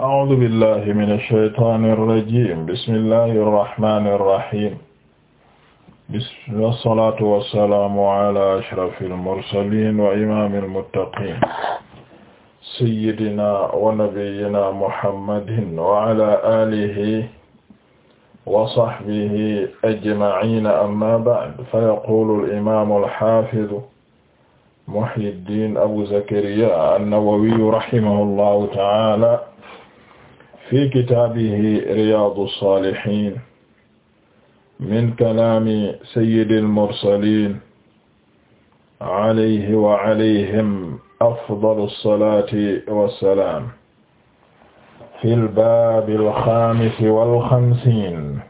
أعوذ بالله من الشيطان الرجيم بسم الله الرحمن الرحيم والصلاة والسلام على أشرف المرسلين وإمام المتقين سيدنا ونبينا محمد وعلى آله وصحبه أجمعين أما بعد فيقول الإمام الحافظ محي الدين أبو زكريا النووي رحمه الله تعالى fi kitaabihi riyaadu saalihiin min kalaami sayyidil mursaliin alayhi wa alayhim afdalu salaati wa salaam. fil baabil xaamisi wal xamsiin.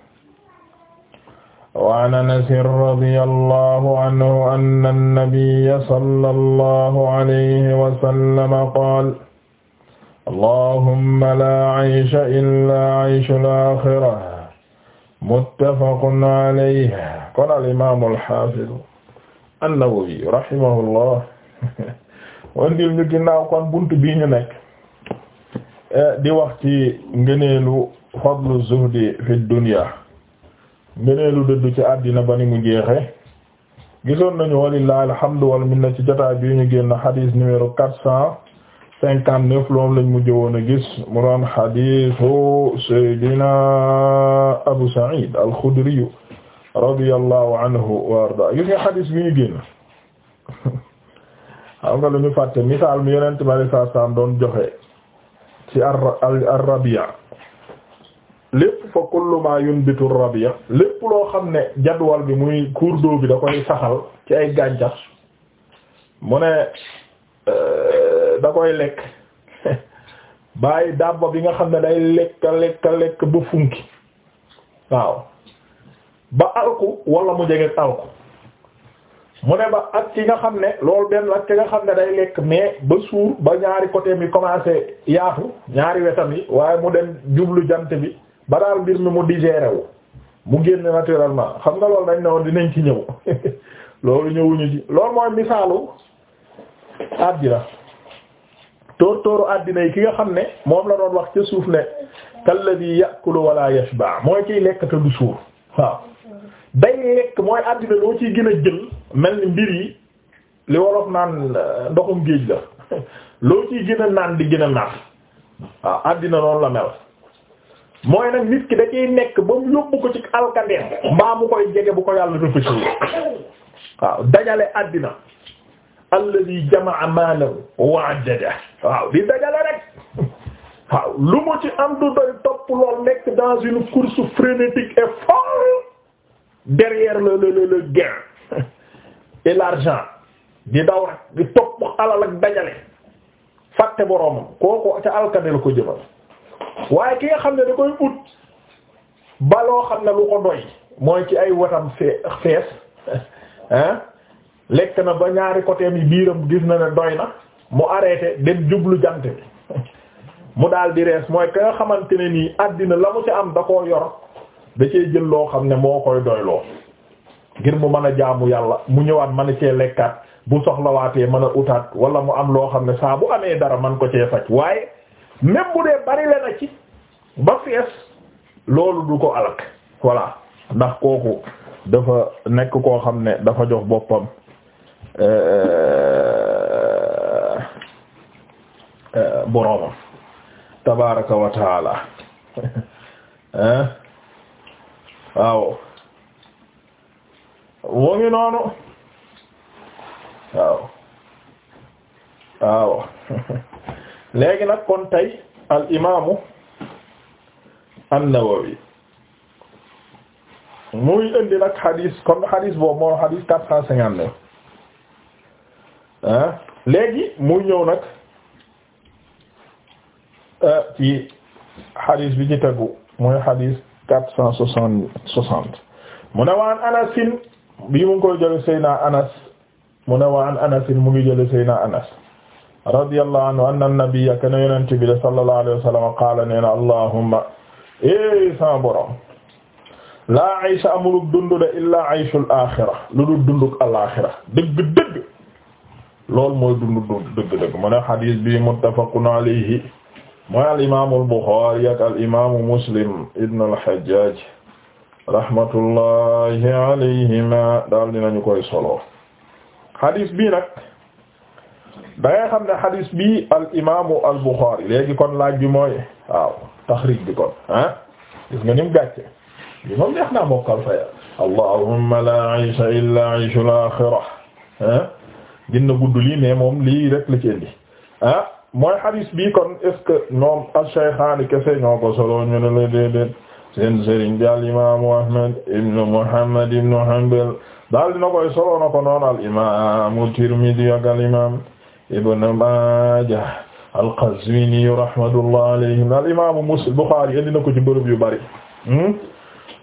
wa an anasin radiyallaahu anhu anna nabiyya sallallahu alayhi wa sallam qaala allahumma laa aysha illaa ayshul aaxira muttafaqun alayhi kon al imaam al haafiz an-Nawawi rahimahullah wandil ñu ginnaaw kon bunt bi ñu nekk eh, di wax ci ngëneelu fadlu zuhdi fi dunya ngëneelu dëddu ci àddina ba ni mu jeexe gisoon nañu walillahi alhamdu wal minna ci jotaay bi ñu génn xadiis numéro quatre cent cinquante neuf loom lañ mujj woon gis mu doon hadiisu Seydina Abu Saïd al-Khudri anhu wa arda gis nga hadis bi ñu génn nga lu ñu fàtte misaal mi Yonent bi alayhi salaatu salaam doon joxe ci ar-rabi' lépp fa kullu ma yunbitu ar-rabi' loo xam ne jadwal bi muy cours d'eau bi da saxal ci ay gàncax mu ne. Euh, da koy lekk bàyyi dàbba bi nga xam ne day lekk lekk lekk ba funki waaw ba alku walla mu jege alku mu ne ba ak ki nga xam ne loolu benn ak ci nga xam ne day lekk mais ba suur ba ñaari côté mi commencé yaatu ñaari wetam yi waaye mu dem jublu jant bi ba daal mbir mi mu digéré wu mu génn naturellement xam nga loolu dañ ne woon dinañ ci ñëw loolu ñëwuñu ci loolu mooy misaalu àddina tóor tóoru àddina yi ki nga xam ne moom la doon wax ca suuf ne kalladhi ya'kulu wala yashba mooy kiy lekk te du suur waaw day lekk mooy àddina loo ciy gën a jël mel ni mbir yi li wolof naan euh, ndoxum géej la loo ciy gën a naan di gën a naan waaw àddina noonu la mel mooy nag nit ki da ciy nekk ba mu yóbbu ko ci alkandeem mbaa mu koy jege bu ko yàlla rëfësiwul waaw dajale àddina alladi jamaa maalahu wa addada waaw di dajale rek waaw lu mu ci am du doy topp lool nekk dans une course frénétique et folle derrière le le le gain et l'argent di daw topp alal ak dajale fàtte boroomam kooku ca alkane la ko jëmal waaye ki nga xam ne da koy ut ba xam ne lu ko doy mooy ci ay watam fee fees lekk na ba ñaari côté mi biiram gis na ne doy na mu arrêté dem jublu jant mu daal di rees mooy ka nga xamante ne nii àddina la mu ci am da koo yor da cee jël loo xam ne moo koy doyloo ngir mu mën a jaamu yàlla mu ñëwaat mën a cee lekkaat bu soxlawaatee man a utaat wala mu am loo xam ne saa bu amee dara man ko cee faj waaye même bu dee bari la ci ba fees loolu du ko alak voilà ndax kooku dafa nekk koo xam ne dafa jox boppam Eh, eh, boroomam tabaraka wa taala eh? waaw mu ngi noonu waaw waaw léegi nag kon tey al imaamu an-Nawawi muy indi nag xadis kon xadis boobu moo xadis quatre cent cinquante léegi muy ñëw nag euh, ci xadis bi ci tegu mooy xadis quatre cent soixante soixante mu ne waan anasin bii mu ngi koy jële sayna anas mu ne waan anasin mu ngi jële sayna anas radiyallahu anhu anna an-nabiyya kana yonent bi de sallallahu alayhi wa sallam qaala nee na allahumma e eh, sa borom laa aysha amuluk dundu de illaa ayshul aaxira lu dul dunduk al aaxira dëgg dëgg loolu mooy dundu dëgg-dëgg mu ne xadis bi muttafaqun alayhi mooy al imaamu al Buxaari ak al imaamu Muslim ibn al Hajjaj rahmatullahi alayhima daal dinañu koy solo xadis bi nag da ngay xam ne xadis bi al imaamu al Buxaari léegi kon laaj bi mooy waaw taxrij bi kon ah gis nga nim gàcce bi moom neex naa mokkal faya allahumma la aysha illa ayshul axira ah. gën gudd lii mais moom lii rek la ci indi ah mooy hadis bi kon al-Shaykhaani kese ñoo ko solo ñu ne la déedéet seen al-imaamu Ahmad ibn Muhammad ibn Hanbal daal dina koy solo na ko noon al-imaamu Tirmidhi ak al-imaam Ibn Maajah al-Qazwini rahmatullah alayhim al-imaamu Muslim Bukhari indi na ko ci yu bari hmm?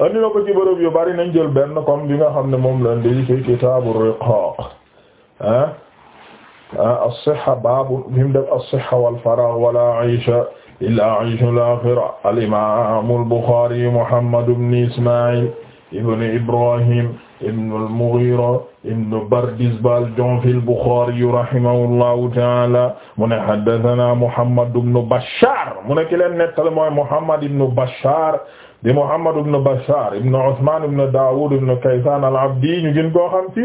indi na ko yu bari nañ jël benn comme bi nga xam ne moom la indi ci kitaabu riqaaq ah, ah as-sihha baabu mim def as-sihha wal faragh wala aysha illa ayshul aaxira al-imaam al-Buxaari Muhammad ibn Ismaa'il ibn Ibraahiim ibn al-Mughiira ibn Bardizbah al-Ju'fi al-Buxaari rahimahullahu ta'aala mu ne haddathanaa Muhammad ibn Bashaar mu ne ki leen nettali mooy Muhammad ibn Bashaar di Muhammad ibn Bashar ibn Usman ibn Dawud ibn Kaysan al-Abdi ñu gën koo xam ci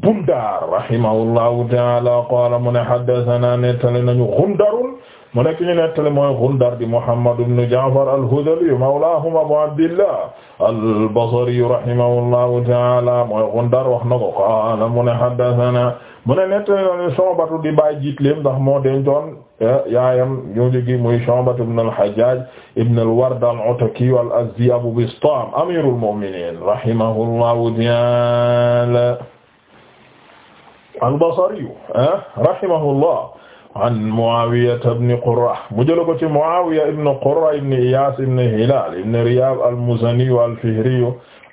Bundar rahimahullahu ta'ala qala mu ne haddathana nettali nañu Ghundarun mu nekk ñu nettali mooy Ghundar di Muhammad ibn Ja'far al-Hudhali mawlahum Abu Abdillah al-Basri rahimahullahu ta'ala mooy Ghundar wax na ko qala mu ne haddathana mu ne nettali Shu'batu di baay jiitleem ndax moo dencoon eh, yaayam yu njëkk muy Shu'batu ibn al-Hajjaj ibn al-Ward al-Ataki al-Azdi Abu Bistam amirul mu'minin rahimahullahu ta'ala al-Basri eh, rahimahullah an Muawiya ibn Qurra mu jël ko ci Muawiya ibn Qurra ibn Iyas ibn Hilal ibn Riyab al-Muzani al-Fihri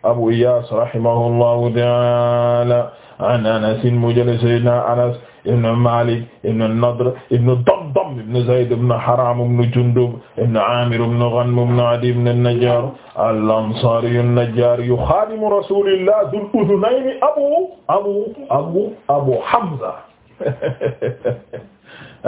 Abu Iyas rahimahullahu ta'ala an Anas mu jële Seydina Anas ibn Malik ibn Nadr ibn Damdam ibn Zayd ibn Haram ibn Jundub ibn Amir ibn Ghanm ibn Adi ibn an-Najjar al-Ansari an-Najjar khadimu Rasulillah dhul udhunayn Abu Abu Abu Abu Hamza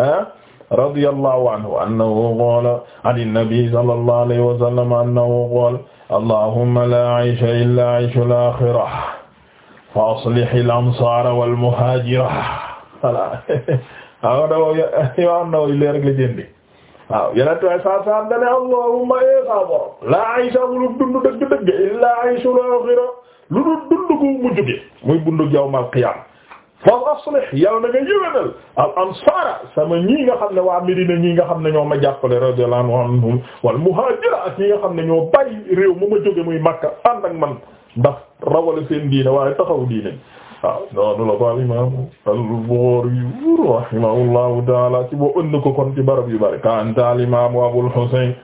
radiyallahu anhu annahu qala an-nabi sallallahu alayhi wa sallam annahu qala allahumma la aysha illa ayshul akhirah fa aslihi al-ansaara wal-muhaajira voilà waaw dawo imaam Nawawi leer rek waaw yeneen tuwaay saa saa dane allahumma ee saa borom laa aysa wulub dund dëgg-dëgg illaa aysul aaxira lu dul dund gu mujj gi muy bundu yawmal qiyaama fa aslih yàlla na nga yëwénal al ansaara sama ñii nga xam ne waa Medina ñii nga xam ne ñoo ma jàppale radiyallahu anhum wal muhaajira ak ñi nga xam mu ma jóge muy Makka ànd ak man ndax rawale seen diine waaye taxaw diine waaw noonu la ko al imam al-Bukhari rahimahullahu taala ci boo ënd ko kon ci barab yu bari kanta al imam Abul Husayn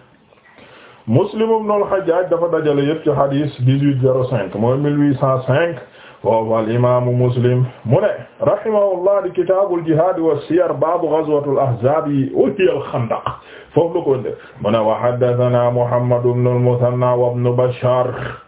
Muslim ibn al-Hajjaj dafa dajale yëpp ci hadis 1805 mooy 1805 foofu al imaamu Muslim mu ne rahimahullah di kitaabul jihaad wa siyar baabu ghazwatul ahzaab wa hiya al-khandaq foofu la ko ënde mu ne wa haddathanaa Muhammad ibn al-Muthanna wa ibn Bashar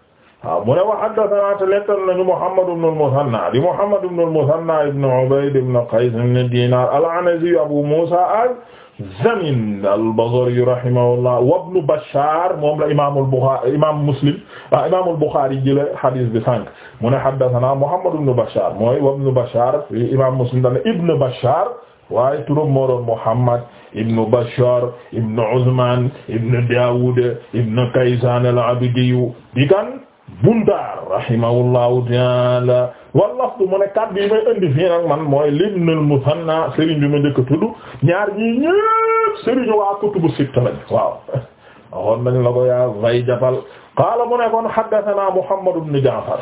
waaw mu ne wa haddathana nettal nañu Muhammad ibn al-Muthanna di Muhammad ibn al-Muthanna ibn Ubayd ibn Qays ibn Dinar al-Anazi Abu Musa az-Zamin al-Basri rahimahullah wa ibn Bashar moom la imaam al-Bukhari imaam Muslim ah, imaam al-Bukhari jële hadith bi sànq mu ne haddathana Muhammad ibn Bashar mooy wa ibn Bashar imaam Muslim dana ibn Bashar waaye turam moo doon Muhammad ibn Bashar ibn Uthman ibn Dawud ibn Kaysan al-Abdi Bundaar rahimahullahu taala wal lafdu mu ne kàddu yi may indi fii nag man mooy Ibn al-Muthanna Serigne bi ma njëkk a tudd ñaar ñii ñëpp Serigne waa kutubu sitta lañ waaw waxoon nañ la ko yaa vay jabal qaala mu ne kon haddathana Muhammad ibn Ja'far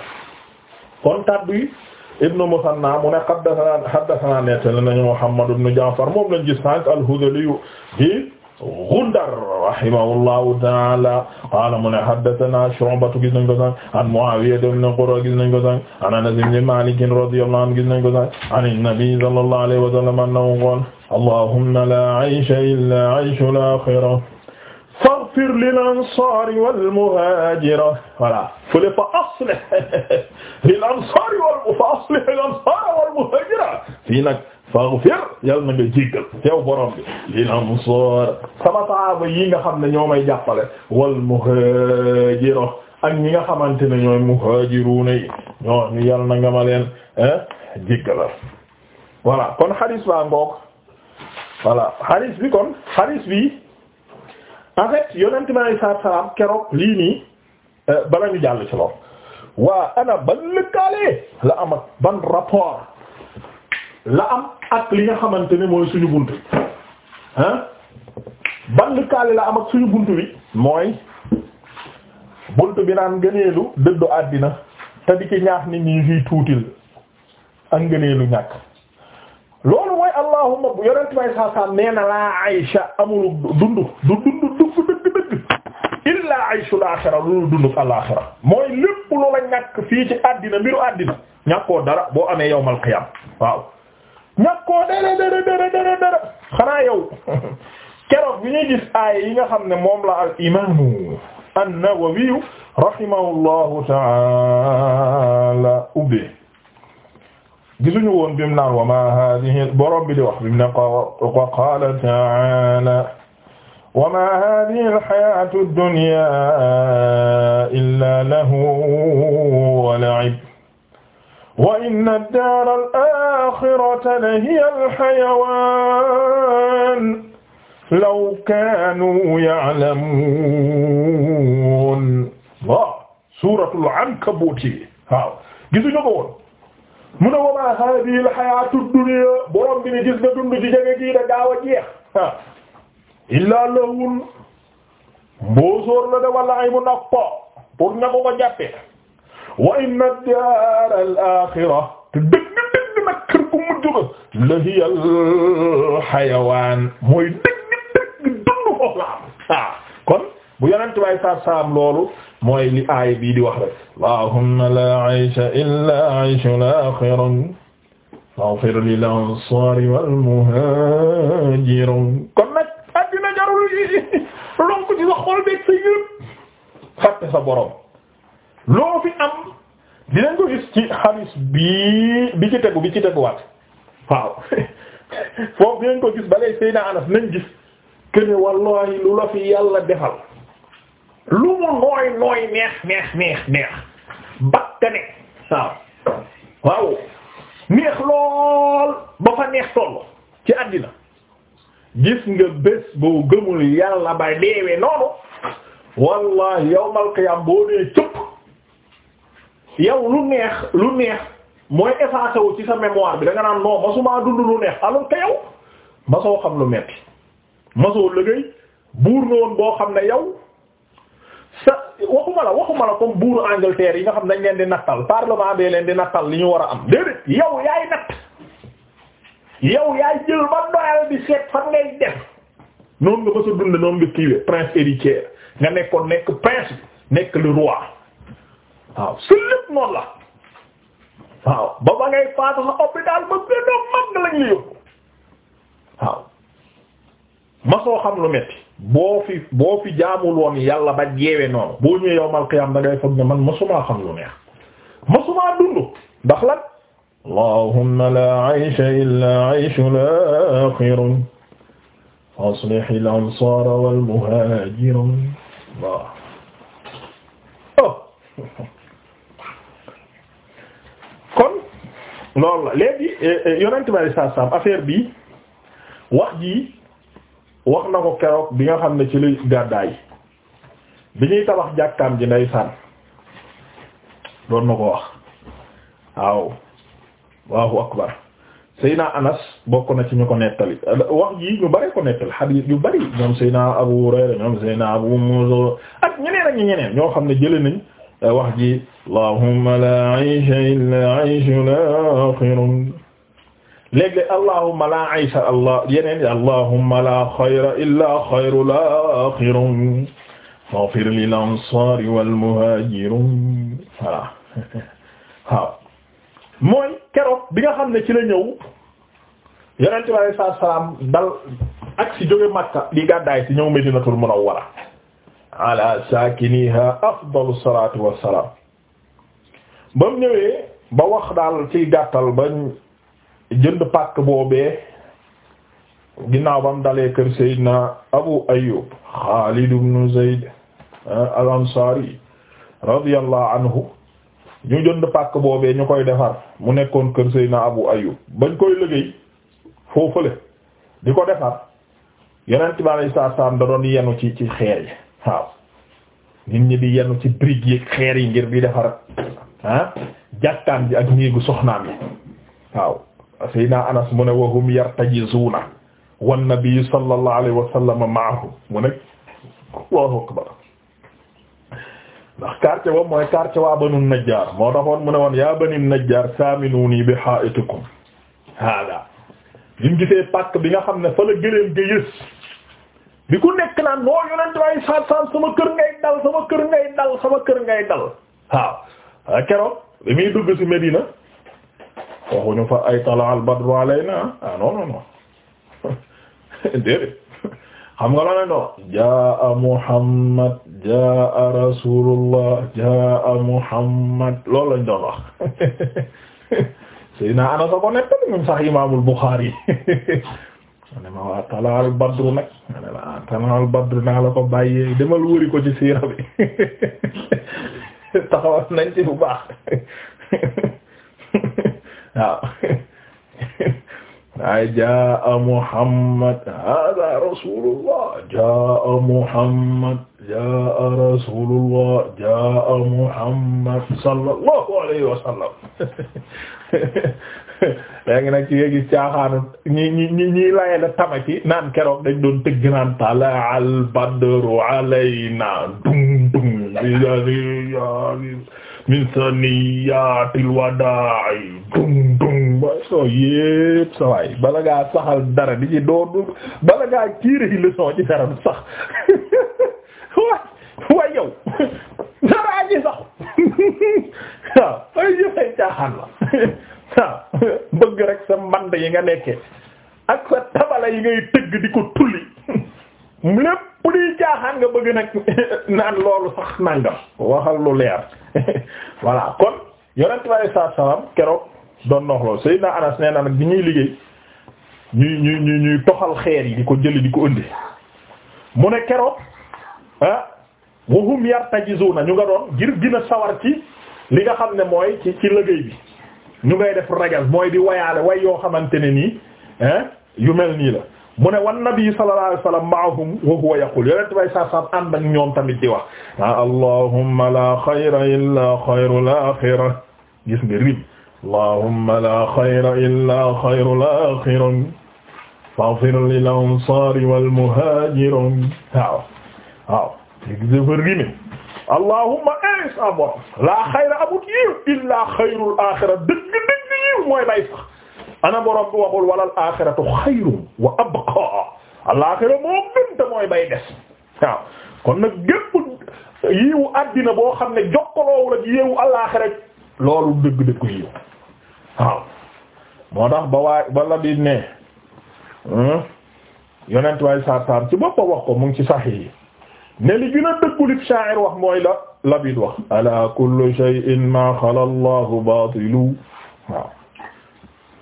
kon kàddu yi Ibn Muthanna mu ne haddathana haddathana nettali nañu Muhammad ibn Ja'far moom lañ gis sànq al-Hudhali Gundar rahimahullahu ta'ala qala mu ne haddathana Shu'ba gis nañ ko sax an Muawiya ibn Qurra gis nañ ko sax an Anas ibn Malik radiyallahu anhu gis nañ ko sax an an-nabi sallallahu alayhi wa sallam annahu qala allahumma la 'aysha illa 'ayshul akhirah faghfir lil ansari wal muhajira voilà fële fa aslih lil ansari wal fa aslih lil ansari wal muhajira fii nag faghfir yal na nga jéggal yow borom bi lil ansar sama yi nga xam ne ñoo may jàppale wal muhajiro ak yi nga xamante ne ñooy muhajiruna yi ñoo ñu yal na nga ma leen eh, jéggalal wala kon hadis baa ngoog voilà hadis bi kon hadis bi en fait yonent bi alayhi salaatu salaam keroog lii nii eh, jàll ci lool waa ana ban lëkkaale la am ban rapport la am ak li nga xamante ni mooy suñu bunt ah ban lëkkaale la am ak suñu bunt bi mooy bunt bi naan ngëneelu dëddu àddina te di ci ñaax nit ñi tuuti tuutil ak ngëneelu ñàkk loolu mooy allahumma bu yonent may saasaam laa aysha amul dund du dund dugg dëgg dëgg illaa ayshul aaxira loolu dunduk alaaxira mooy lépp lu ñàkk fii ci àddina mbiru àddina ñàkkoo dara boo amee yawmal qiyaam waaw ñàkk koo dere dere dere dere dere xanaa yow keroog bi ñuy gis aaya yi nga xam ne moom la al imaamu an-Nawawi rahimahullahu ta'ala ubbe gisuñu woon bim naan wa ma hadhihi borom bi di wax bim ne wa qala ta'ala wa ma hadhihi al-hayatu ad-dunya illa lahu wa la'ib wa inna ad-daara al-aaxirata lahiya al-xayawaan law kaanuu ya'lamuun waaw suuratul Ankabuut waaw gisuñu ko woon mu ne wa maa haadihi al-xayaatu ad-dunyaa borom bi ne gis nga dund ci jege gii da gaaw a jeex illaa lahwun mbóosóor la de walla ay mu nag po pour na ko ko jàppe wa inna daara al-aaxira te dëgg dëgg nag kër gu mujj ba la hiya al-xayawaan mooy dëgg dëgg dund foofu la am ah, kon bu yonent bay saab saam loolu mooy li aay bii di wax rek allahumma laa aysha illaa ayshul aaxira faghfir lil ansaar wal muhaajiriin kon nag addina jarul yi lonku ci sa xol beeg sa yëpp fàtte sa borom loo fi am dinañ ko gis ci xadis bii bi ci tegu bi ci teguwaat waaw foofu dinañ ko gis balay Seydina Anas nañ gis kene wallahi lu la fi yàlla defal lu mu nooy nooy neex neex neex neex bakkane waaw waaw neex lool ba fa neex toll ci àddina gis nga bés boo gëmul yàlla bay deewee noonu wallahi yawmal qiyam boo nee cëpp yow lu neex lu neex mooy effacé wu ci sa mémoire bi da nga naan non masumaa dund lu neex alors que yow masoo xam lu metti masoo liggéey buur na boo xam ne yow sa waxuma la waxuma la comme buuru Angleterre yi nga xam nañ leen di nattal parlement bee leen di nattal li ñu war a am déedéet yow yaay natt yow yaay jël ba doyal di fan ngay def noonu nga mës a dund noonu nga kiiwee prince héritier nga nekkoon nekk prince nekk le roi waaw su lépp noonu la waaw ba ba ngay faatu sa hôpital ba gën a mag lañ la yóbbu waaw ma soo xam lu metti boo fi boo fi jaamul woon yàlla ba jeewe noonu boo ñëwee yowmal qiyaam da ngay foog ne man masumaa xam lu neex masumaa dund ndax lan allahumma la aysha illa ayshul aaxirun aslihil ansaara wal loolu la léegi eh, eh, yonent bi saa saam affaire bi wax ji wax na ko keroog bi nga xam ne ci li gàddaay bi ñuy tabax jàkkaam ji nday sànn doon na ko wax waaw waaw akbar Seyna Anas bokk na ci ñu ko nettali wax jii ñu bari ko nettali xadiis yu bari ñoom Seyna Abu Hurayra ñoom Seyna Abu ak ñeneen ak ñeneen ñoo xam ne jële nañ wax ji allahumma la aysha illa ayshul aaxirun léeg-léeg allahumma la aysha allah yeneen allahumma la xayra illa xayrul aaxirun faghfir lil ansaari wal muhaajirin voilà waaw mooy keroog bi nga xam ne ci la ñëw yonent bi alayhi salaam dal ak si jóge Makka di gàddaay si ñëw Medinatul Munawwara ala saakiniha afdalu salaatu wassalaam ba mu ñëwee ba wax daal ci gàttal ba jënd pàkk boobee ginnaaw ba mu dalee kër Seydina Abu Ayyub Xaalid ibn Zayd ah, al Ansaari radiyallahu anhu ñu jënd pàkk boobee ñu koy defar mu nekkoon kër Seydina Abu Ayyub bañ koy liggéey foofale di ko defar Yonent bi alayhi salaam da doon yenu ci ci xeer yi waaw nit ñi di yenu ci briques yi xeer yi ngir di defar ah jàkkaan bi ak néegu soxnaam yi waaw Seydina Anas mu ne wahum yartajizuuna wan nabiyyu sallallahu alayhi wa sallam ma'ahu mu ne akbar ndax quartier boobu mooy quartier waa Banu Najjaar moo taxoon mu ne woon yaa Bani Najjaar saaminuunii bi haa'itikum haadaa bi mu gisee bi nga xam ne fa la gëléem bi ku nekk naan noo yonent way sasan sama kër ngay dal ngay dal sama kër ngay dal waaw ah, keroog bi muy dugg ci Medina waxuñu fa ay tala al badru alayna ah non non non déedéet xam nga loo leen doon jaa Muhammad jaa Rasulullah jaa Muhammad loolu lañ doon wax Seydina ko nekk ni mun sax Imaamul Bukhari ma ne ma waa talaal badru nag ma ah ne la ko bàyyee demal wëri ko ci siira bi taxawal nañ ci bu baax waaw waaye jaa Muhammad hada jaa Muhammad jaa rasulullah jaa sallallahu alayhi wa léegi nag ci nga gis caaxaanu ñi ñi laye la tamaki naan keroog dañ doon tëgg naan tala al badru alayna dum dum biari min saniyatil wada'i dum dum ba soo yépp sa waay bala ngaa saxal dara di ci doon bala ngaa kiire yi leçon ci dara du sax waay waay yow dara ji sax waaw ay yëfay caaxaan la bëgg rek sa mband yi nga nekke ak sa tabala yi ngay tëgg di ko tulli lépp di jaaxaan nga bëgg nag naan loolu sax nangam waxal lu leer voilà kon yonent bi alei salatua keroog doon nox loolu Seydina Anas nee na nag bi ñuy liggéey ñuy ñuy ñuy ñuy toxal xeer yi di ko jëli di ko ëndi mu ne keroog ah wahum yartajizuna ñu nga doon ngir gina a sawar ci li nga xam ne mooy ci ci liggéey bi ñu ngay def rajas mooy di wayaale way yoo xamante ne nii yu mel nii la mu ne wan nabi sallallahu alayhi wasallam ma'ahum wa huwa yaqul yonent bay sa sam ànd ak ñoom tamit di wax ah allahumma la xayra illa xayrul axira gis nga rim allahumma la xayra illa xayrul axira faghfir lil ansari wal muhajirin waaw waaw gis nga rime allahumma ins abot ah, laa xayra abut yiw illaa xayrul axira dëgg dëgg yiw mooy bay sax ana borom bi waxul walal axiratu xayrun wa abqa alaaxira moo gën mooy bay des waaw kon nag gépp yiwu àddina boo xam ne jokkaloowul ak yiwu alaaxira loolu dëgg dëgg yiw waaw moo tax ba waay bala di ne hmm, yonent waay saar ci boppam wax ko mu ci sax yi ne li gën a dëggulib sha'ir wax mooy la Labid wax ala kullu shay'in ma xala Allahu baatilu waaw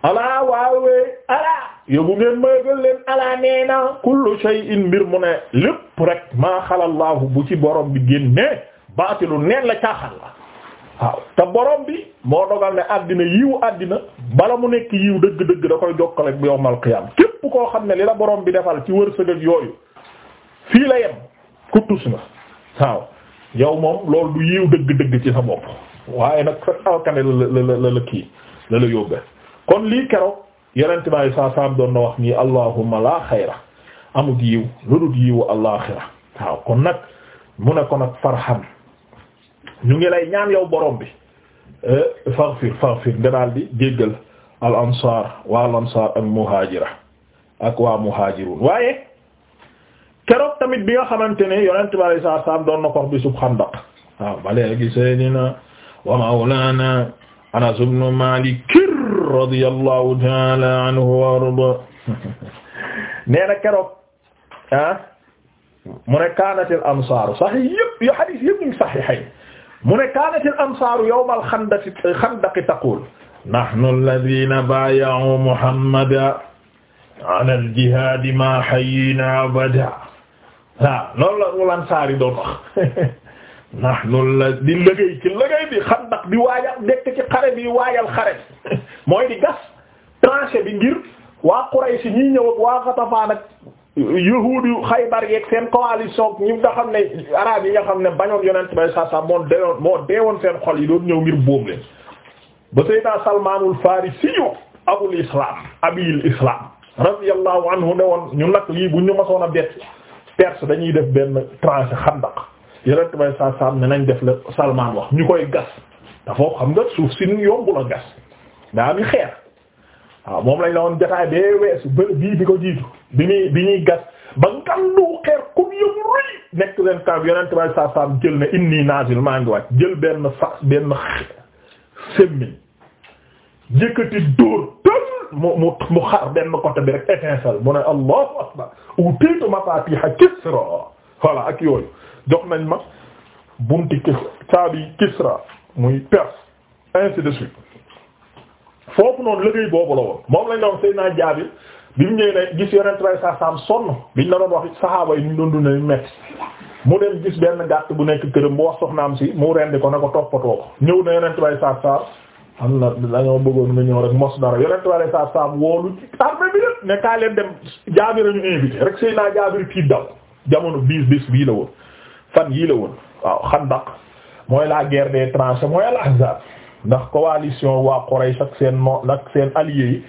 alaa waawee alaa yóbbu ngeen maygal leen alaa nee na kullu shay'in mbir mu ne lépp rek maa xala Allahu bu ci borom bi génne baatilu neen la caaxal la waaw te borom bi moo dogal ne àddina yiw àddina bala mu nekk yiw dëgg-dëgg da koy jokkale ak yawmal qiyaam képp koo xam ne li la borom bi defal ci wërsëg ak yooyu fii la yem kuttus nga waaw yow moom loolu du yiw dëgg-dëgg ci sa bopp waaye nag sa alkane la la la kii la la yóbbee kon lii keroog yenente bi alei saa salaam doon na wax nii allahumma la xayra amut yiw lu dul yiwu alaaxira waaw kon nag mu ne ko nag farxam ñu ngi lay ñaan yow borom bi eh, faghfir faghfir nga daal di jéggal al ansar waa al ansar ak muhajira ak waa muhajirun waaye keroog tamit bi nga xamante ne yonent bi alayhi salaatu salaam doon na ko wax bisub Xandaq waaw ba léegi Seydina wa mawlaana Anas ibn Maalik radiyallahu ta'ala anhu wa arda nee na keroog ah mu ne kaanatil ansaaru sahih yëpp yu hadiis yëpp ñu sahihayn mu ne kaanatil ansaaru yawmal xandaqi xandaqi taqul nahnu allaziina baaya'uu Muhammadan alal jihaadi maa hayyinaa abadan waaw loolu la wulan saari doon wax ndax noonu la di liggéey ci liggéey bi xandak di waajal dekk ci xare bi waajal xare bi mooy di gas tranchée bi ngir waa Quraysh ñi ñëw ak waa Xatafaan ak yahuud Xaybar yeeg seen coalition ñi nga xam ne araab yi nga xam ne bañoon yonent bay saa moo deewoon moo deewoon seen xol yi doon ñëw ngir bóom leen ba Seydina Salmaanul Faarisi abul islam abil islam radiyallahu anhu ne woon ñu nag lii bu ñu masoon a bett Perse dañuy def benn tranchée xandak yonent bay saa saam ne nañ def la Salman wax ñu koy gas dafa xam nga suuf si ñu yombu la gas daa am xeer waaw moom lañ la woon jotaay bee weesu bii bi ko jiitu bi ñuy bi ñuy gas ba ngandu xeer kum yëngu rëy nekk leen kaw yonent bay saa saam jël na inni nazil maa ngi wàcc jël benn fas benn sémmiñ yëkkati dóor tël mu mu mu xar benn côté bi rek étincelle mu ne allahu akbar utiitu mafatiha kisra voilà ak yooyu jox nañ ma bunti kis caabi kisra muy perse ainsi de suite foofu noonu liggéey boobu la woon moom lañ doon Seydina Jaabir bi mu ñëwee gis yonent bay sa sam sonn biñ la doon wax saxaaba yi ñu doon dundee metti mu dem gis benn gàtt bu nekk këram mu wax soxnaam si mu rendi ko na ko toppatoo ko ñëw na yonent bay sa am na dañoo bëggoon nga ñëw rek mos dara yonent wala sa saam woolu ci armée bi lépp ne leen dem jaabir ñu invité rek sëy naa jaabir kii daw jamono bis bii la woon fan yii la woon waaw xandaq mooy la guerre des tranchées mooy al ahzab ndax coalition waa Quraysh ak seen noon ak seen alliés yi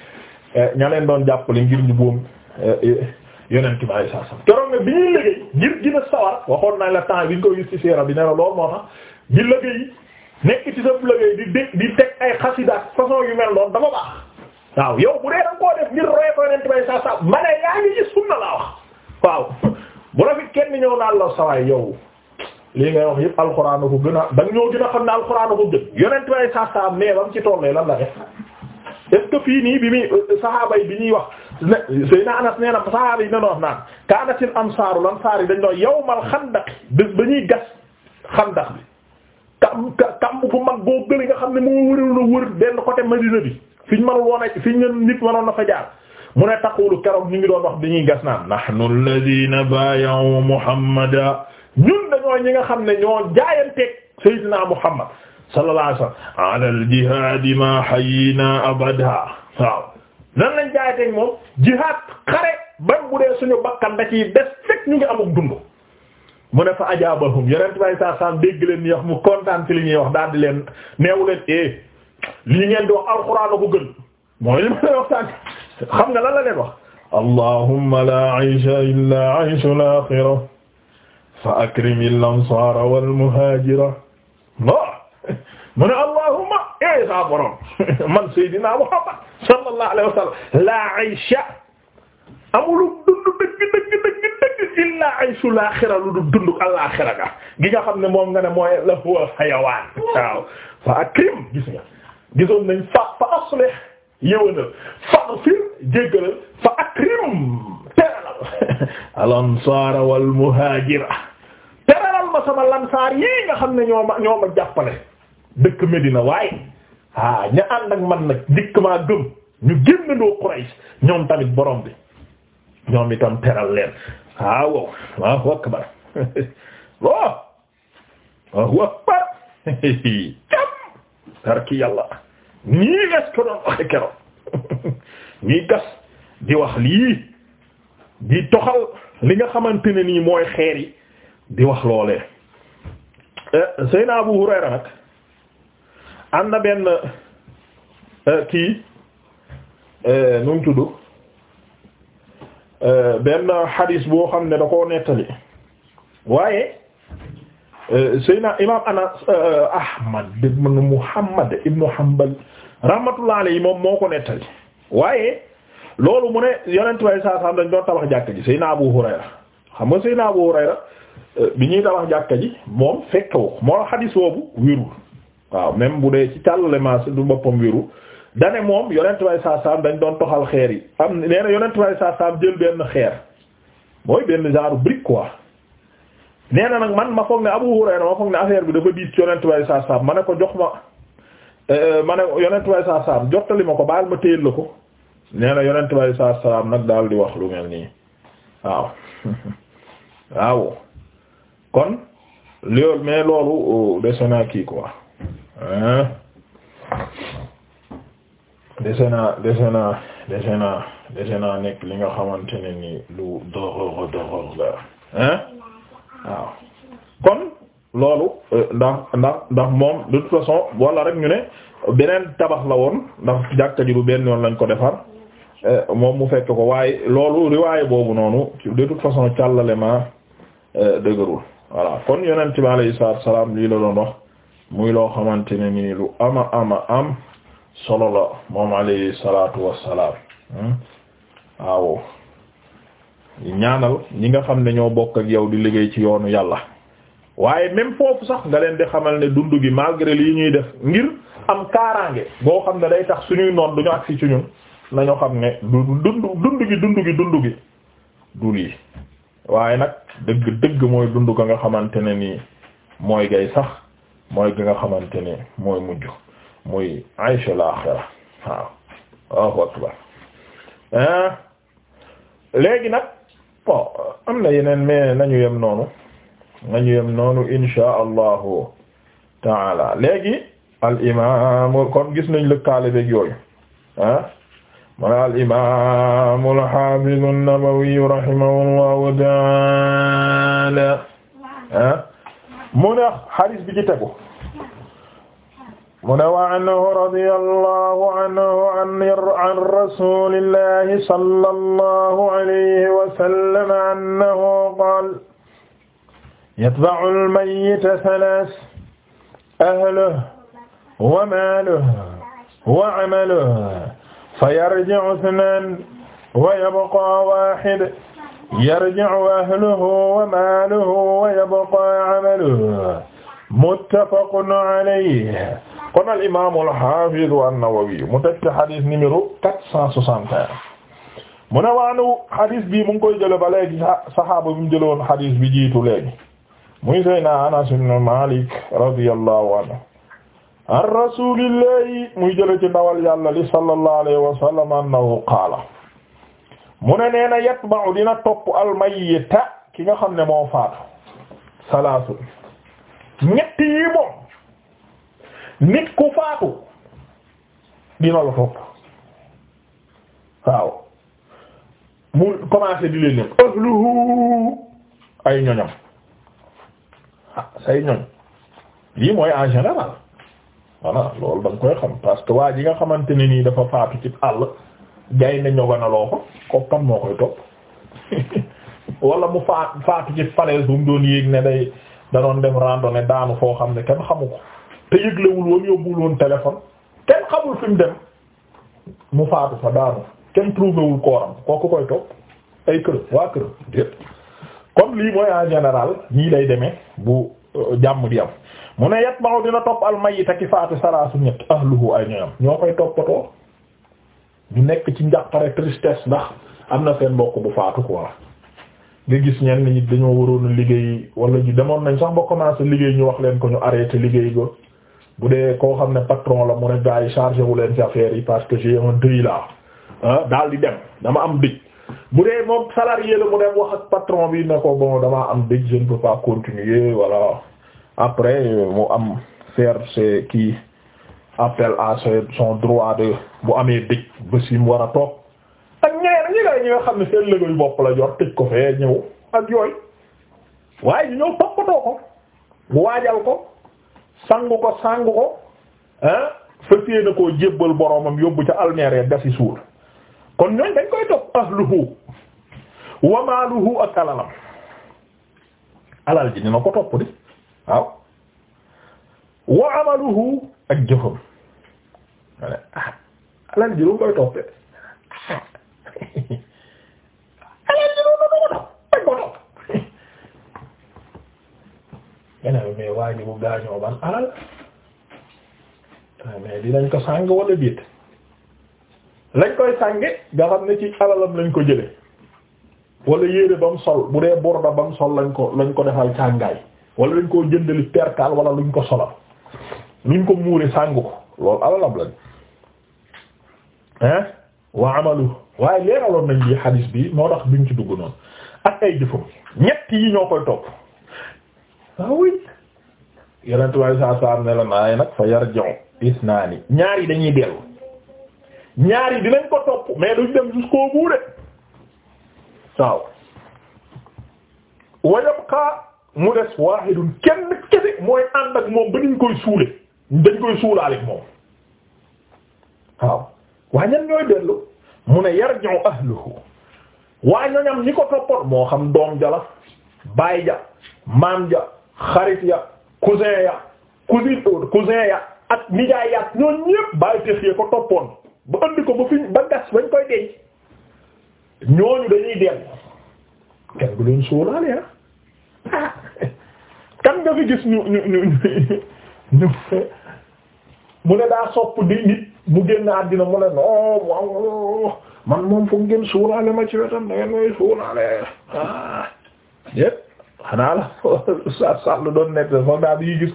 eh, ña leen doon jàppale ngir ñu boom eh, eh, yonent bi alayhi salaam keroog nag bi ñuy liggéey ngir gën a sawar waxoon nañ la temps bi ñu ko gis ci siira bi ne la loolu moo tax ay xasida façon yu mel noonu dafa baax waaw yow bu dee da nga def ngir roye yonent bay saa saa ma ne yaa sunna laa wax waaw bu la fi kenn ñëw naan la sawaay yow lii ngay wax yëpp alxuraan ko gën a da nga ñëw gën a xam ne alxuraan ko gën yonent bay saa saa mais ci tollee lan la def est-ce fii nii bi muy euh, saxaaba bi ñuy wax ne Seydina Anas nee na saxaaba yi dañoo wax naan kaanatil ansaaru lan saar yi dañ doon yawmal xandaq bés ba ñuy gas xandax kam kam bu mag boo gëli nga xam ne moo wëral na wër benn côté Madina bi fi ñu a fi ñu nit mënoon na fa jaar mu ne taqulu keroog ñu ngi doon wax dañuy gas naan nahnu alladhina bay'u muhammada ñun dañoo ñi nga xam ne ñoo jaayanteeg sayyidina muhammad sallallahu alayhi wasallam ala al jihadi ma hayyina abada waaw nan lañ jaayanteeg moom jihaad xare ban bu dee suñu bakkan da ciy des ñu ngi amuk dund mu ne fa ajaabahum yeneen bay saa saam dégg leen ni wax mu kontaan ci li ñuy wax daal di leen neewu leen eh li ngeen di wax alxuraan a ko gën mooy li ma lay wax sànq xam nga lan la leen wax allahumma la aysha illa ayshul axira fa akrimil ansaara wal muhaajira mu ne allahumma eh saa borom man sayyidina muhammad sallallahu alayhi wa sallam la aysha amul dund dëgg dëgg dëgg illa aysu laaxira lu dul dund alaaxira ga gi nga xam ne moom nga ne mooy la huwa xayawaan waaw fa akrim gis nga gisoon nañ fa fa aslih yëwanal faghfir jéggalal fa akrim teralal al ansaara wal teralal ma sama lansaar yii nga xam ne ñoo ma jàppale dëkk Medina waaye ah ña ànd ak man nag dikk maa gëm ñu génn ndoo ñoom tamit borom bi ñoom itam teral leen Ah, waaw Allahu akbar Allahu akbar jam tarki yàlla nii gas ko doon waxe nii gas di wax lii di toxal li nga xamante ne nii mooy xeer yi di wax loolee eh, Seyna Abu Hurayra nag am na eh, kii eh, nu mu tudd benn hadis boo xam ne da ko nettali waaye euh, Seydina imaam Anas euh, Ahmad mu Muhammad ibn Hanbal rahmatullah alayhi moom moo ko nettali waaye loolu mu ne yonent way saa saam dañ doon tabax jàkka ji Seydina Abu Hurayra xam nga Seydina Abu Hurayra euh, bi ñuy tabax jàkka ji moom fekkewu moo hadis boobu wérul waaw même bu dee ci càllale maas du boppam wérul dane moom yonent way saa saam dañ doon toxal xeer yi am nee na yonent way saa saam jël benn xeer mooy benn genre brique quoi nee na nag man ma foog ne Abu Hurayra ma foog ne affaire bi dafa diis ci yonent way saa mane ko jox ma euh, ma ne yonent way saa saam jottali ma ko baal ma téyel la ko nee na yonent way saa nag daal di wax lu mel nii waaw waaw kon loolu mais loolu euh, desona kii quoi dese naa dese naa dese naa dese naa nekk li nga xamante ne ni lu doroor doroor la hein waaw kon loolu euh, ndax ndax ndax moom de toute façon wala rek ñu ne beneen tabax la woon ndax jàkka ji du benn yoon lañ ko defar euh, moom mu fekk ko waaye loolu riwaaye boobu noonu de toute façon càllalement ma euh, dëgërul voilà kon yonent bi alayhi salaatu salaam lii la doon wax muy loo xamante ne ni lu ama ama am solo la moom alayhi salaatu wassalaam hmm? waaw ñaanal ñi nga xam ne ñoo bokk ak yow di liggéey ci yoonu yàlla waaye même foofu sax nga leen di xamal ne dund gi malgré lii ñuy def ngir am kaaraange boo xam ne day tax suñuy noon duñu agsi ci ñun nañu xam ne dund dund gi dund gi dund gi du lii waaye nag dëgg dëgg mooy dund ga nga xamante ne nii mooy gay sax mooy ga nga xamante ne mooy mujj muy ayshul axira waaw Allahu akbar ah, léegi nag bon am na yeneen mais nañu yem noonu nañu yem noonu insha allahu taala léegi al imam kon gis nañ lëkkaale beeg yooyu ah mana al imam al hafiz an-Nawawi rahimahullahu taala ah mu ne bi ci tegu mu ne wa anhu radiyallahu anhu an rasulillahi sallallahu alayhi wa sallam annahu qaala yatba'u al-mayyita thalath ahluhu wa maaluhu wa 'amaluhu fayarji'u ithnaan wa yabqaa waahid yarji'u ahluhu wa maaluhu wa yabqaa 'amaluhu muttafaqun alayhi kon al imaam al haafiz an-Nawawi mu teg ci xadis mu ne waanu xadis bii mu ko koy ba léegi saxaaba bi mu jële woon xadis bi jiitu léegi muy Seydina Anas ibn Malik radiyallahu anhu an rasulillahi muy jële ci ndawal yàlla li sallallahu alayhi wa sallam mu ne nee na yatba'u dina topp al mayyita ki nga xam ne moo faatu salaasu yi moom nit ku faatu dina la topp waaw mu commencé di leen ay ñoñam ah say ñoñ lii mooy en général voilà loolu da koy xam parce que waa ji nga xamante ni nii dafa faatu ci àll gay na ñoganaloo ko ko kam moo koy topp wala mu faat faatu ci falaise bu mu doon yéeg ne day da doon dem randonnée daanu foo xam ne kenn xamu ko te yëglewul woon yóbbuwul woon téléphone kenn xamul fi mu dem mu faatu fa daanu kenn trouvé kooram kooku koy topp ay kër waa kër déet kon lii mooy en général ñii lay demee bu euh, jàmm di am mu ne ma maw dina topp almayita ki faatu salaasu ñett ahluhu ay ñoom ñoo koy toppatoo ñu nekk ci njax njàqare tristesse ndax am na seen mbokk bu faatu quoi nga gis ñenn ñi dañoo waroon a liggéey wala ñu demoon nañ sax ba commencé liggéey ñu wax leen ko ñu arrêté liggéey go bu dee koo xam ne patron la mu ne gars yi chargé wu leen yi parce que j'ai un deuil là ah daal di dem dama am dëj bu dee moom salarié la mu dem wax ak patron bi ne ko bon damaa am dëj je ne peux pas continuer voilà après mu am faire c'est kii appel à son droit de bu amee dëj bés yi mu war a toog ak ñaar ñi nga ñi nga xam ne seen la yor tëj ko fee ñëw ak yooyu waajal ko. sangu ko sangu ko ah fësee na koo jébbal boromam yóbbu ca almeere gasi suul kon ñooñ dañ koy topp ahluhu wa maaluhu ak alalam alal ji dina ko topp di waaw wa amaluhu ak jëfam ah, alal ji lu koy toppee alal ji lu ko topp nga mais waa ji bu gaañoo ban alal ah, mais dinañ ko sàng walla déet lañ koy sànge nga xam ne ci alalam lañ ko jële wala yére ba sol bu dee borda ba mu sol lañ ko lañ ko defal càngaay wala lañ koo jëndali perkaal wala luñ ko solal luñ ko muure sàng ko loolu alalam lañ hein wa amalu waaye leeraloon nañ bi hadis bi moo tax duñ ci dugg noonu ak ay jëfam ñett yi ñoo koy topp waaw oui yonent waaye saa saa naay nag fa yarji'u isnaani ñaar yi dañuy dellu ñaar yi dinañ ko topp mais duñ dem jusqu'au bout de waaw wa yabqa mu des waahidun kenn kese mooy ànd ak moom ba dañ koy suule dañ koy suulaale moom waa ñan ñooy dellu mu ne yarji'u ahluhu waa ñoñam ñi ko toppoon moo xam doom ja la baay ja maam ja xarit ya cousin ya cousin cousin ya ak nijaay ya ñoom ñépp bàyyi tëxee ko toppoon ba andi ko ba fi ba gas bañ koy denc ñooñu dañuy dell kenn du leen sóolaale ah kan nga gis ñu ñu ñu ñu mu ne daa sopp di nit mu génn àddina mu ne non waaw man moom foog ngeen suuraale ma ci wetam da ngeen mooy suuraale ah yépp xanaa la sa Sall doon nekk foog naa bi gis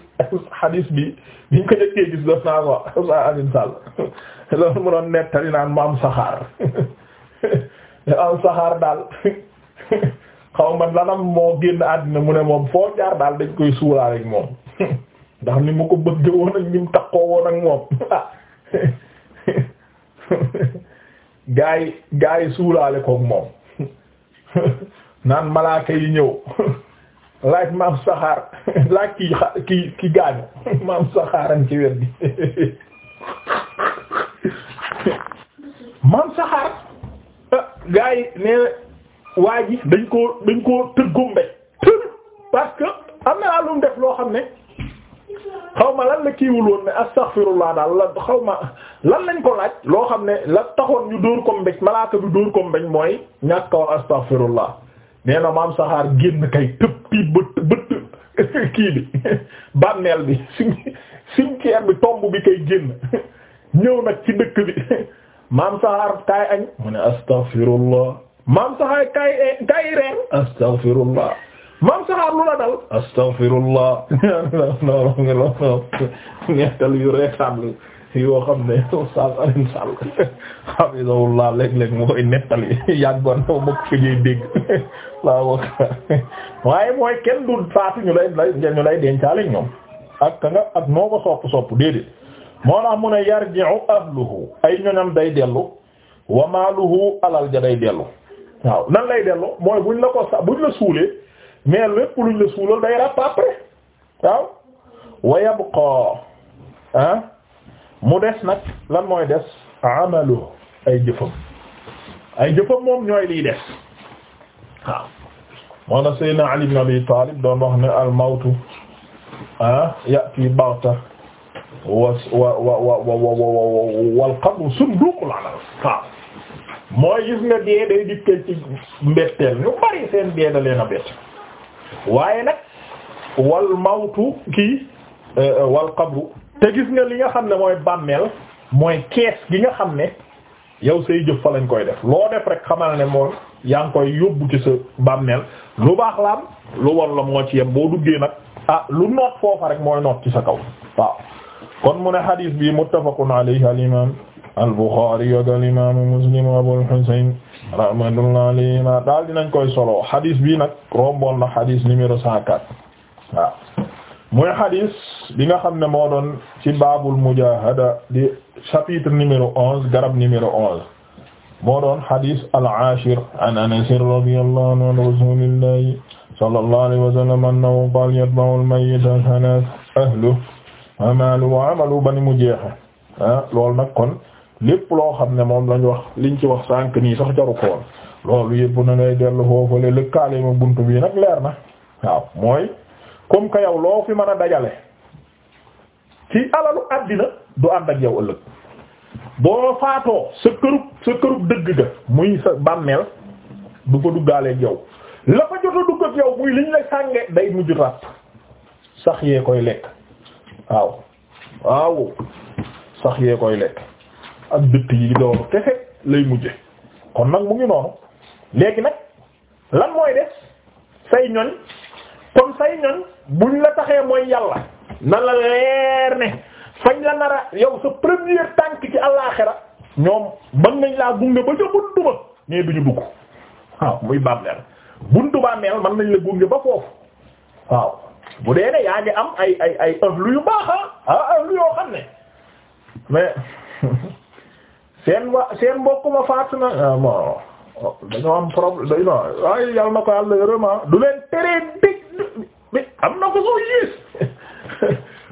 xadis bi biñ ko njëkkee gis doon naa ko sa Alioune Sall loolu mu doon nettali naan mu am saxaar mu am saxaar daal xaw ma lanam moo génn àddina mu ne moom foo jaar daal dañ koy suulaa rek moom ndax ni mu ko bëgg woon ak ni mu takkoo woon ak moom ah gaa yi gaa moom naan malaaka yi ñëw laaj maam saxaar laaj ki ki ki gaañu maam saxaaran ci saxaar ah, gars yi nee na waa ji dañ ko dañ ko tëggum de parce que am na lu mu def loo xam ne xaw ma lan la kiiwul woon ne astaghfirullah daal la xaw ma lan lañ ko laaj loo xam ne la taxoon ñu dóor ko mbéj malaaka du dóor ko mbéj mooy ñàkk a wax nee maam saxaar génn kay tëb tiib ba bët kii bi bi sim cimetière bi tomb bi kay génn ñëw nag ci dëkk bi maam saxaar kaay añ mu ne astaghfirullah maam saxaar kaay kaay reer astaghfirullah maam saxaar lu la dal astaghfirullah ñaan la noonu ngi loolu ñeetal yu reetaan yoo xam ne Oustaz Alioune Sall hafizahullah léeg-léeg mu koy nettali yàggoon na bokk fi dégg laa wax waaye mooy kenn du faatu ñu lay ñu lay ñoom ak ka nga ak noo ko sopp sopp moo tax mu ne yarji'u ahluhu ay ñoñam day dellu wa maaluhu alal ja day dellu waaw nan lay dellu mooy buñ la ko sa buñ la suulee mais lépp luñ la suulal day ràpp après waaw wa yabqa ah mu des nag lan mooy des amalu ay jëfam ay jëfam moom ñooy liy des waaw moo na Seydina Ali ibn Abi Talib doon wax ne al mawtu ah yati barta wa wa wa wa wal qabru sunduqul amal waaw mooy gis nga dee day dikkee ci mbetteel ñu bari seen dee da leen a bett waaye nag wal mawtu kii eh, eh, wal qabru te gis nga li nga xam ne mooy bàmmeel mooy kees gi nga xam ne yow say jëf fa lañ koy def loo def rek xamal ne moom yaa ngi koy yóbbu ci sa bàmmeel lu baax laam lu won la moo ci yem boo duggee nag ah lu noot foofa rek mooy noot ci sa kaw waaw kon mu ne hadis bi muttafaqun alayhi al imam al Bukhari Muslim wa Abul Husayn rahmatullah daal dinañ koy solo hadis bi nag romboon na hadis numéro 104 waaw muy hadis bi nga xam ne moo doon ci baabul mujahada di chapitre numéro onze garab numéro onze moo doon hadis al-ashir an Anas radiyallahu anhu an rasulillahi sallallahu alayhi wa sallam annahu qaala yatba'u al-mayyita ahluhu wa maaluhu wa amaluhu ba ni mu jeexe ah loolu nag kon lépp loo xam ne moom lañ wax liñ ci wax sànq nii sax jaru ko woon loolu yëpp na ngay dellu foofule lëkkaale ma buntu bi nag leer na waaw mooy comme que yow loo fi mën a dajale ci alalu àddina du ànd ak yow ëllëg boo faatoo sa kërub sa kërub dëgg ga muy sa bàmmeel du fa duggaaleeg yow la fa jot a dugg ak yow muy liñ la sànge day mujj ràpp sax yee koy lekk waaw waaw sax yee koy lekk ak dëtt yi loolu kese lay mujje kon nag mu ngi noonu léegi nag lan mooy des say ñoñ kon say ñoñ buñ la taxee mooy yàlla na la leer ne fañ la nara yow sa premier tànk ci àllaaxira ñoom mën nañ laa gunge ba ca buntu ba mais duñu dugg waaw muy bàmmeel buntu bàmmeel mën nañ la gunge ba foofu waaw bu dee ne yaa ngi am ay ay ay ahlu yu baax ah ahlu ah, yoo xam ne mais seen wa ma faatu na ah, oh, dañoo am problème dañoo ay ah, du leen teree dégg. mais am na ko soo yiis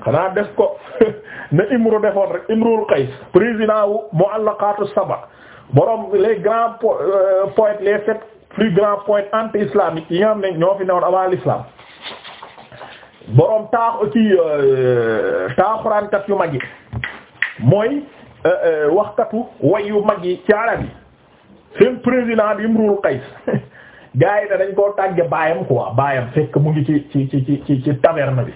xanaa def ko ne Imru defoon rek Imrul Qays président wu mu mu'allaqatu saba borom les grands euh, poètes les sept plus grands poètes anti-islamiques yi nga xam ne ñoo fi newoon avant l'islam borom taax ci euh, yu mag yi mooy euh, waxkatu way yu mag yi ci arab yi seen président bi Imrul Qays gars yi dañ koo tàgge baayam quoi baayam fekk mu ngi ci ci ci ci ci taverne bi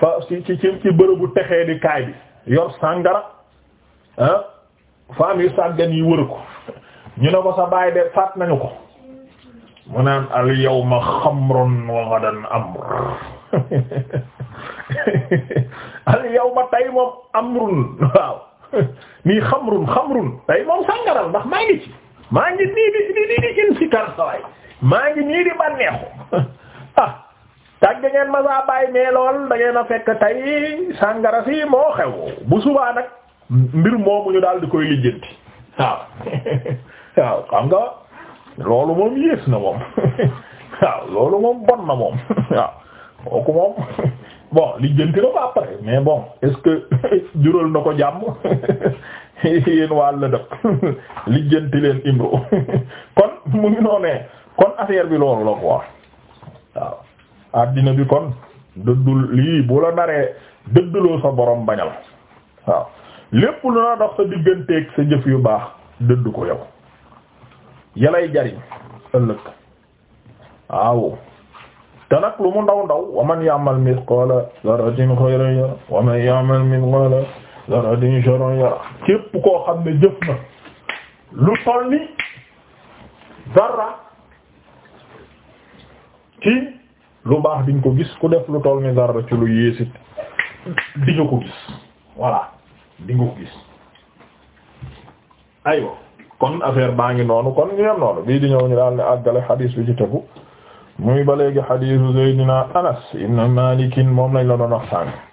fa ci ci ci bërëbu texee di kaay bi yor sàngara ah femme yu sàggan yi wër ko ñu ne ko sa baay de faat nañu ko mu naan al yawma xamrun wa gadan amr al tey moom amrun waaw nii xamrun xamrun tey moom sàngara ndax maa ngi ci maa ngi nii di di di di in si kar saway maa ngi nii di bànneexu ah tàgg ngeen ma saa bàyyi mais lool da ngeen a fekk tey sàngara si moo xew bu subaa nag mbir moomu ñu daal di koy lijjanti waaw waaw xam nga loolu moom yées na moom waaw loolu moom bon na moom waaw kooku moom bon lijjanti na ko après mais bon est-ce que jural na ko jàmm yéen waa lëndëm lijjanti leen imro kon mu ngi noonee kon affaire bi loolu la quoi waaw addina bi kon dëddul lii bu la daree dëdduloo sa borom bañal waaw lépp lu na dox sa digganteeg sa jëf yu baax dëdd ko yow yalay jariñ ëllëg waaw te nag lu mu ndaw ndaw waman ya'mal mithqala dharratin khayran wa man ya'mal mithqala sanadin sharon yara képp koo xam ne jëf na lu toll ni dara ci lu baax diñ ko gis ku def lu toll ni dara ci lu yéesit di nga ko gis voilà di nga ko gis aywa kon affaire baa ngi noonu kon ñu yem noonu bii di ñëw ñu daal ne àggale xadiis bi ci tegu muy ba léegi xadiisu Seydina Anas ibn Malik moom lañ la doon wax